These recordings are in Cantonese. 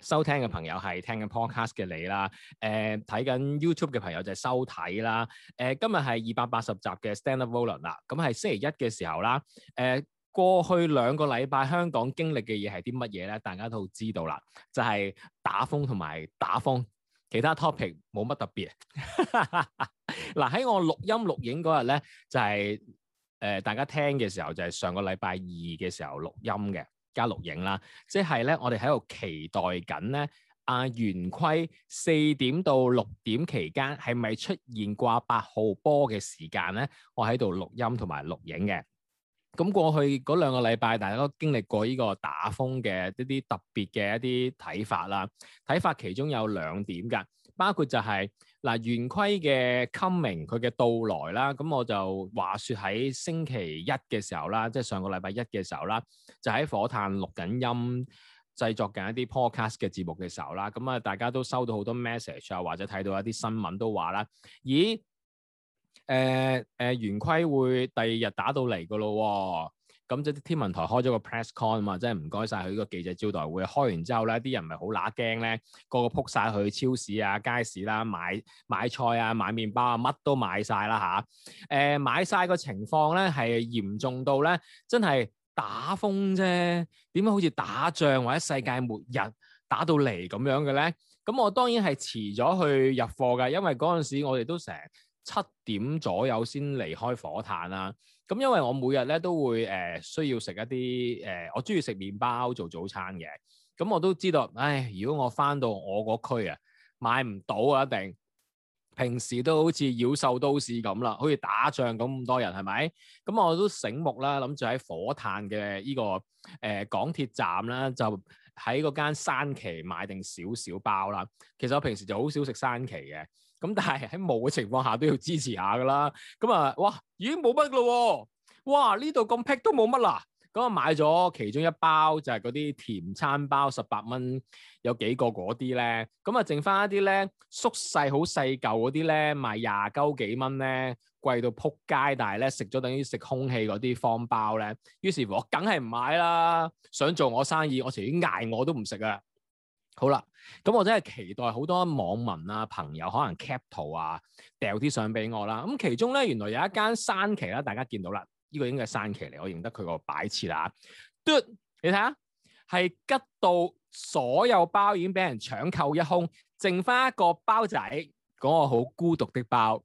收聽嘅朋友係聽緊 podcast 嘅你啦，誒、呃、睇緊 YouTube 嘅朋友就係收睇啦，誒、呃、今日係二百三十集嘅 Standard Volume 啦，咁、嗯、係星期一嘅時候啦，誒、呃、過去兩個禮拜香港經歷嘅嘢係啲乜嘢咧？大家都知道啦，就係、是、打風同埋打風，其他 topic 冇乜特別。嗱 喺我錄音錄影嗰日咧，就係、是、誒、呃、大家聽嘅時候就係、是、上個禮拜二嘅時候錄音嘅。加錄影啦，即係咧，我哋喺度期待緊咧。阿、啊、圓規四點到六點期間，係咪出現掛八號波嘅時間咧？我喺度錄音同埋錄影嘅。咁過去嗰兩個禮拜，大家都經歷過呢個打風嘅一啲特別嘅一啲睇法啦。睇法其中有兩點㗎。包括就係嗱，圓規嘅 coming 佢嘅到來啦，咁我就話説喺星期一嘅時候啦，即係上個禮拜一嘅時候啦，就喺火炭錄緊音，製作緊一啲 podcast 嘅節目嘅時候啦，咁啊大家都收到好多 message 啊，或者睇到一啲新聞都話啦，咦，誒誒圓規會第二日打到嚟㗎咯。咁即係天文台開咗個 press con 啊嘛，即係唔該晒佢個記者招待會。開完之後咧，啲人咪好乸驚咧，個個撲晒去超市啊、街市啦、啊、買買菜啊、買麵包啊，乜都買晒啦吓，誒、啊呃、買晒個情況咧係嚴重到咧，真係打風啫，點解好似打仗或者世界末日打到嚟咁樣嘅咧？咁我當然係遲咗去入貨㗎，因為嗰陣時我哋都成。七點左右先離開火炭啦、啊，咁因為我每日咧都會誒、呃、需要食一啲誒、呃，我中意食麵包做早餐嘅，咁我都知道，唉，如果我翻到我個區啊，買唔到啊一定。平時都好似妖獸都市咁啦，好似打仗咁咁多人係咪？咁我都醒目啦，諗住喺火炭嘅依、這個誒、呃、港鐵站啦，就喺嗰間山崎買定少少包啦。其實我平時就好少食山崎嘅。咁但係喺冇嘅情況下都要支持下噶啦。咁啊，哇，已經冇乜咯喎！哇，呢度咁僻都冇乜啦。咁啊，買咗其中一包就係嗰啲甜餐包，十八蚊有幾個嗰啲咧。咁啊，剩翻一啲咧縮細好細舊嗰啲咧，賣廿鳩幾蚊咧，貴到撲街。但係咧食咗等於食空氣嗰啲方包咧，於是乎我梗係唔買啦。想做我生意，我遲啲捱我都唔食啊！好啦，咁我真係期待好多網民啊朋友可能 cap 圖啊，掉啲相俾我啦。咁、嗯、其中咧，原來有一間山崎啦，大家見到啦，呢、這個應該係山崎嚟，我認得佢個擺設啦嘟，啊、Dude, 你睇下，係吉到所有包已經俾人搶購一空，剩翻一個包仔，講、嗰個好孤獨的包，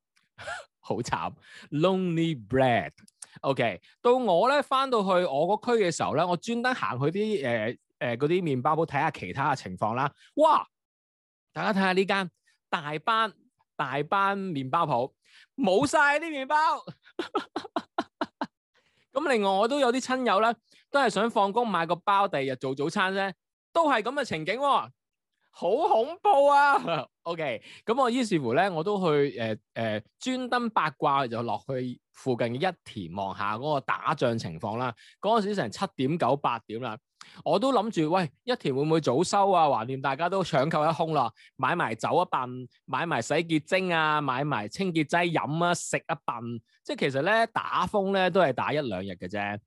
好 慘，Lonely Bread。OK，到我咧翻到去我個區嘅時候咧，我專登行去啲誒。呃誒嗰啲麵包鋪，睇下其他嘅情況啦，哇！大家睇下呢間大班大班麵包鋪冇晒啲麵包，咁 另外我都有啲親友咧，都係想放工買個包，第二日做早餐啫，都係咁嘅情景喎、啊，好恐怖啊 ！OK，咁我於是乎咧，我都去誒誒、呃呃、專登八卦，就落去附近嘅一田望下嗰個打仗情況啦。嗰陣時成七點九八點啦。我都諗住，喂，一田會唔會早收啊？懷念大家都搶購一空啦，買埋酒一棒，買埋洗潔精啊，買埋清潔劑飲啊食一棒，即係其實咧打風咧都係打一兩日嘅啫。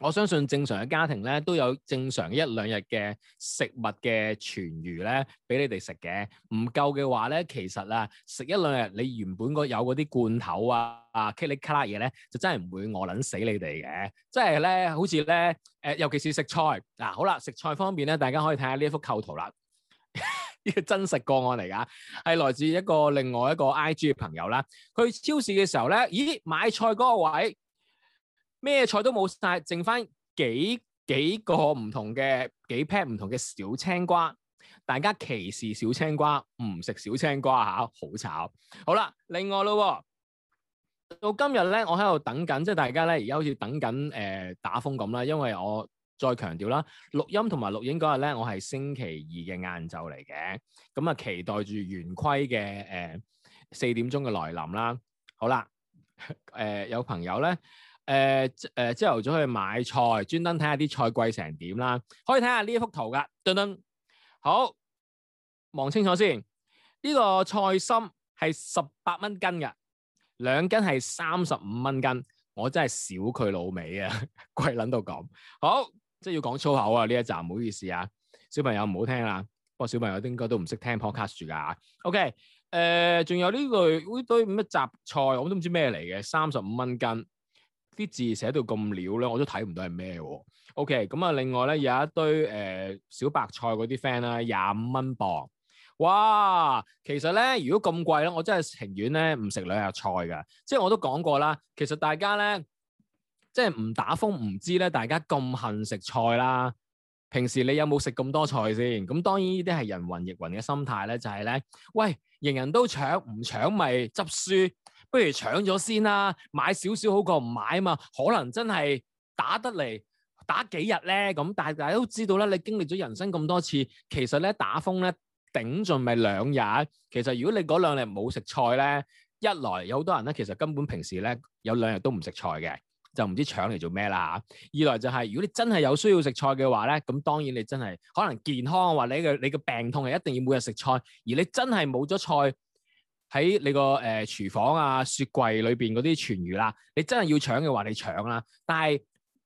我相信正常嘅家庭咧，都有正常一兩日嘅食物嘅存餘咧，俾你哋食嘅。唔夠嘅話咧，其實啊，食一兩日你原本有嗰啲罐頭啊、kitkat 嘢咧，就真係唔會餓撚死你哋嘅。即係咧，好似咧，誒、呃，尤其是食菜嗱、啊，好啦，食菜方面咧，大家可以睇下呢一幅構圖啦，呢 個真實個案嚟噶，係來自一個另外一個 IG 嘅朋友啦。佢超市嘅時候咧，咦，買菜嗰個位？咩菜都冇晒，剩翻幾幾個唔同嘅幾 pack 唔同嘅小青瓜，大家歧視小青瓜，唔食小青瓜嚇，好慘！好啦，另外咯，到今日咧，我喺度等緊，即係大家咧，而家好似等緊誒、呃、打風咁啦，因為我再強調啦，錄音同埋錄影嗰日咧，我係星期二嘅晏晝嚟嘅，咁啊期待住圓規嘅誒四點鐘嘅來臨啦。好啦，誒、呃、有朋友咧。誒誒，朝頭、呃、早去買菜，專登睇下啲菜貴成點啦。可以睇下呢一幅圖㗎，登登。好，望清楚先。呢、呢個菜心係十八蚊斤嘅，兩斤係三十五蚊斤。我真係少佢老味啊， 貴撚到咁。好，即係要講粗口啊！呢一集唔好意思啊，小朋友唔好聽啦。不過小朋友應該都唔識聽 Podcast 㗎嚇。OK，誒、呃，仲有呢類呢堆乜雜菜，我都唔知咩嚟嘅，三十五蚊斤。啲字寫到咁潦咧，我都睇唔到係咩喎？OK，咁啊，okay, 另外咧有一堆誒、呃、小白菜嗰啲 fan 啦，廿五蚊磅，哇！其實咧，如果咁貴咧，我真係情願咧唔食兩日菜㗎。即係我都講過啦，其實大家咧即係唔打風唔知咧，大家咁恨食菜啦。平時你有冇食咁多菜先？咁當然呢啲係人云亦云嘅心態咧，就係、是、咧，喂，人人都搶唔搶咪執輸。不如搶咗先啦、啊，買少少好過唔買啊嘛！可能真係打得嚟打幾日咧咁，但係大家都知道啦，你經歷咗人生咁多次，其實咧打風咧頂盡咪兩日。其實如果你嗰兩日冇食菜咧，一來有好多人咧，其實根本平時咧有兩日都唔食菜嘅，就唔知搶嚟做咩啦嚇。二來就係、是、如果你真係有需要食菜嘅話咧，咁當然你真係可能健康嘅話，你嘅你嘅病痛係一定要每日食菜，而你真係冇咗菜。喺你個誒廚房啊、雪櫃裏邊嗰啲存餘啦，你真係要搶嘅話，你搶啦。但係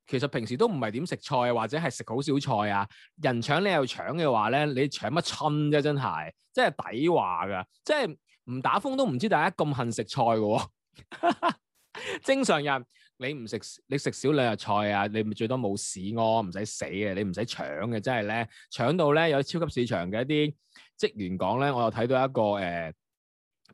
其實平時都唔係點食菜、啊，或者係食好少菜啊。人搶你又搶嘅話咧，你搶乜春啫？真係，真係抵話㗎。即係唔打風都唔知大家咁恨食菜嘅喎、啊。 正常人你唔食，你食少兩日菜啊，你咪最多冇屎屙，唔使死嘅、啊，你唔使搶嘅。真係咧，搶到咧有超級市場嘅一啲職員講咧，我又睇到一個誒，呃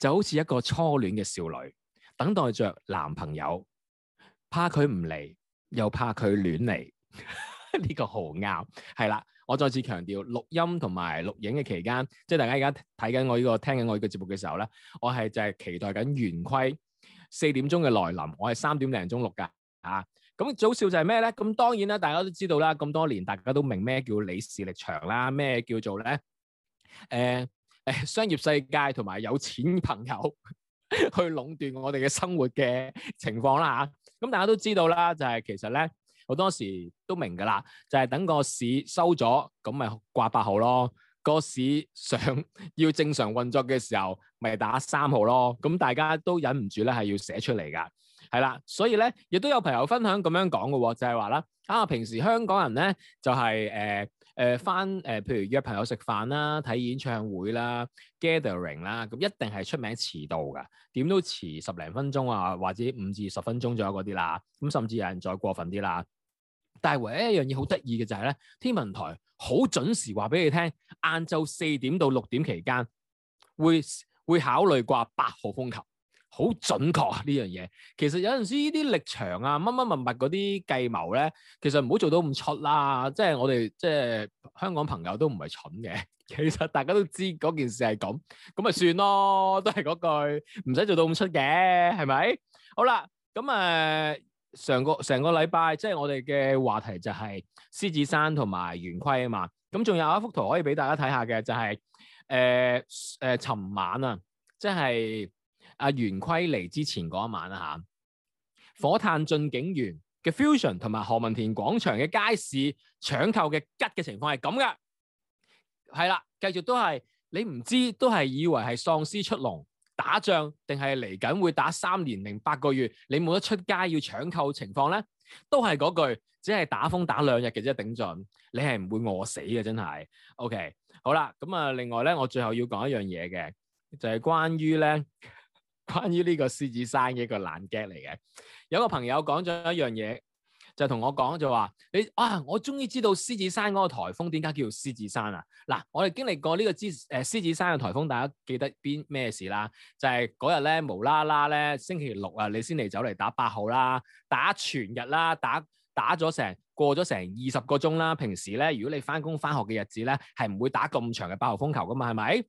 就好似一個初戀嘅少女，等待着男朋友，怕佢唔嚟，又怕佢亂嚟，呢 個好啱？係啦，我再次強調，錄音同埋錄影嘅期間，即、就、係、是、大家而家睇緊我呢、這個聽緊我呢個節目嘅時候咧，我係就係期待緊圓規四點鐘嘅來臨。我係三點零鐘錄噶，啊，咁早笑就係咩咧？咁當然啦，大家都知道啦，咁多年大家都明咩叫李氏力場啦，咩叫做咧？誒、呃。誒，商業世界同埋有錢朋友去壟斷我哋嘅生活嘅情況啦嚇，咁大家都知道啦，就係其實咧，我當時都明噶啦，就係等個市收咗，咁咪掛八號咯；個市想要正常運作嘅時候，咪打三號咯。咁大家都忍唔住咧，係要寫出嚟噶，係啦。所以咧，亦都有朋友分享咁樣講嘅喎，就係話啦，啊平時香港人咧就係誒。誒、呃、翻誒、呃，譬如約朋友食飯啦、睇演唱會啦、gathering 啦，咁一定係出名遲到㗎，點都遲十零分鐘啊，或者五至十分鐘左右嗰啲啦，咁甚至有人再過分啲啦。但係唯一一樣嘢好得意嘅就係、是、咧，天文台好準時話俾你聽，晏晝四點到六點期間，會會考慮掛八號風球。好準確啊！呢樣嘢其實有陣時呢啲力場啊、乜乜物物嗰啲計謀咧，其實唔好做到咁出啦。即係我哋即係香港朋友都唔係蠢嘅，其實大家都知嗰件事係咁，咁咪算咯，都係嗰句唔使做到咁出嘅，係咪？好啦，咁誒上個成個禮拜即係我哋嘅話題就係獅子山同埋圓規啊嘛。咁仲有一幅圖可以俾大家睇下嘅，就係誒誒尋晚啊，即係。阿圓規嚟之前嗰一晚啦吓，火炭駿景園嘅 fusion 同埋何文田廣場嘅街市搶購嘅吉嘅情況係咁噶，係啦，繼續都係你唔知都係以為係喪屍出籠打仗定係嚟緊會打三年零八個月，你冇得出街要搶購情況咧，都係嗰句，只係打風打兩日嘅啫，頂盡你係唔會餓死嘅，真係。OK，好啦，咁啊，另外咧，我最後要講一樣嘢嘅，就係關於咧。關於呢個獅子山嘅一個冷 gag 嚟嘅，有個朋友講咗一樣嘢，就同我講就話：你啊，我終於知道獅子山嗰個颱風點解叫獅子山啊！嗱，我哋經歷過呢、呢個之誒、呃、獅子山嘅颱風，大家記得邊咩事啦？就係嗰日咧無啦啦咧星期六啊，你先嚟走嚟打八號啦，打全日啦、啊，打打咗成過咗成二十個鐘啦。平時咧，如果你返工返學嘅日子咧，係唔會打咁長嘅八號風球㗎嘛，係咪？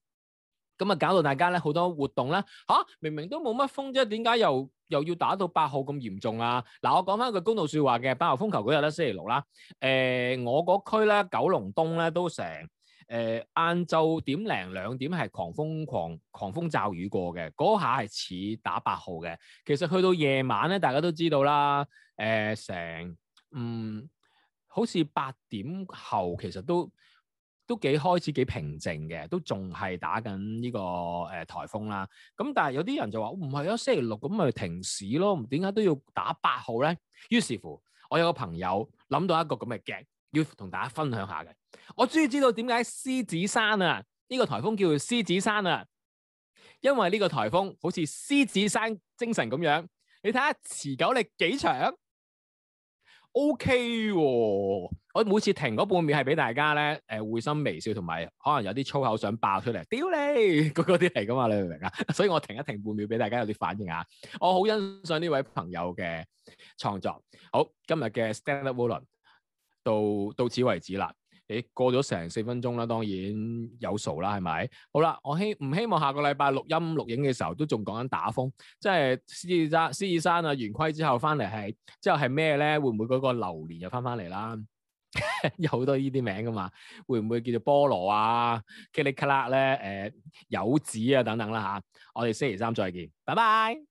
咁啊，搞到大家咧好多活動咧吓、啊，明明都冇乜風啫，點解又又要打到八號咁嚴重啊？嗱，我講翻一句公道說話嘅，八號風球嗰日咧，星期六啦，誒、呃、我嗰區咧，九龍東咧都成誒晏晝點零兩點係狂風狂狂風驟雨過嘅，嗰下係似打八號嘅。其實去到夜晚咧，大家都知道啦，誒、呃、成嗯好似八點後其實都。都幾開始幾平靜嘅，都仲係打緊呢、這個誒、呃、颱風啦。咁但係有啲人就話唔係啊，星期六咁咪停市咯，點解都要打八號咧？於是乎，我有個朋友諗到一個咁嘅 gag，要同大家分享下嘅。我終於知道點解獅子山啊，呢、這個颱風叫做獅子山啊，因為呢個颱風好似獅子山精神咁樣。你睇下持久力幾長？O K 喎，我每次停嗰半秒係俾大家咧，誒、呃、會心微笑同埋可能有啲粗口想爆出嚟，屌你嗰個啲嚟㗎嘛，你明唔明啊？ 所以我停一停半秒俾大家有啲反應啊！我好欣賞呢位朋友嘅創作。好，今日嘅 Stand Up Volume 到到此為止啦。你過咗成四分鐘啦，當然有數啦，係咪？好啦，我希唔希望下個禮拜錄音錄影嘅時候都仲講緊打風，即係獅子山、獅子山啊圓規之後翻嚟係，之後係咩咧？會唔會嗰個榴蓮又翻翻嚟啦？ 有好多呢啲名噶嘛，會唔會叫做菠蘿啊、kili kala 咧、誒、呃、柚子啊等等啦、啊、嚇？我哋星期三再見，拜拜。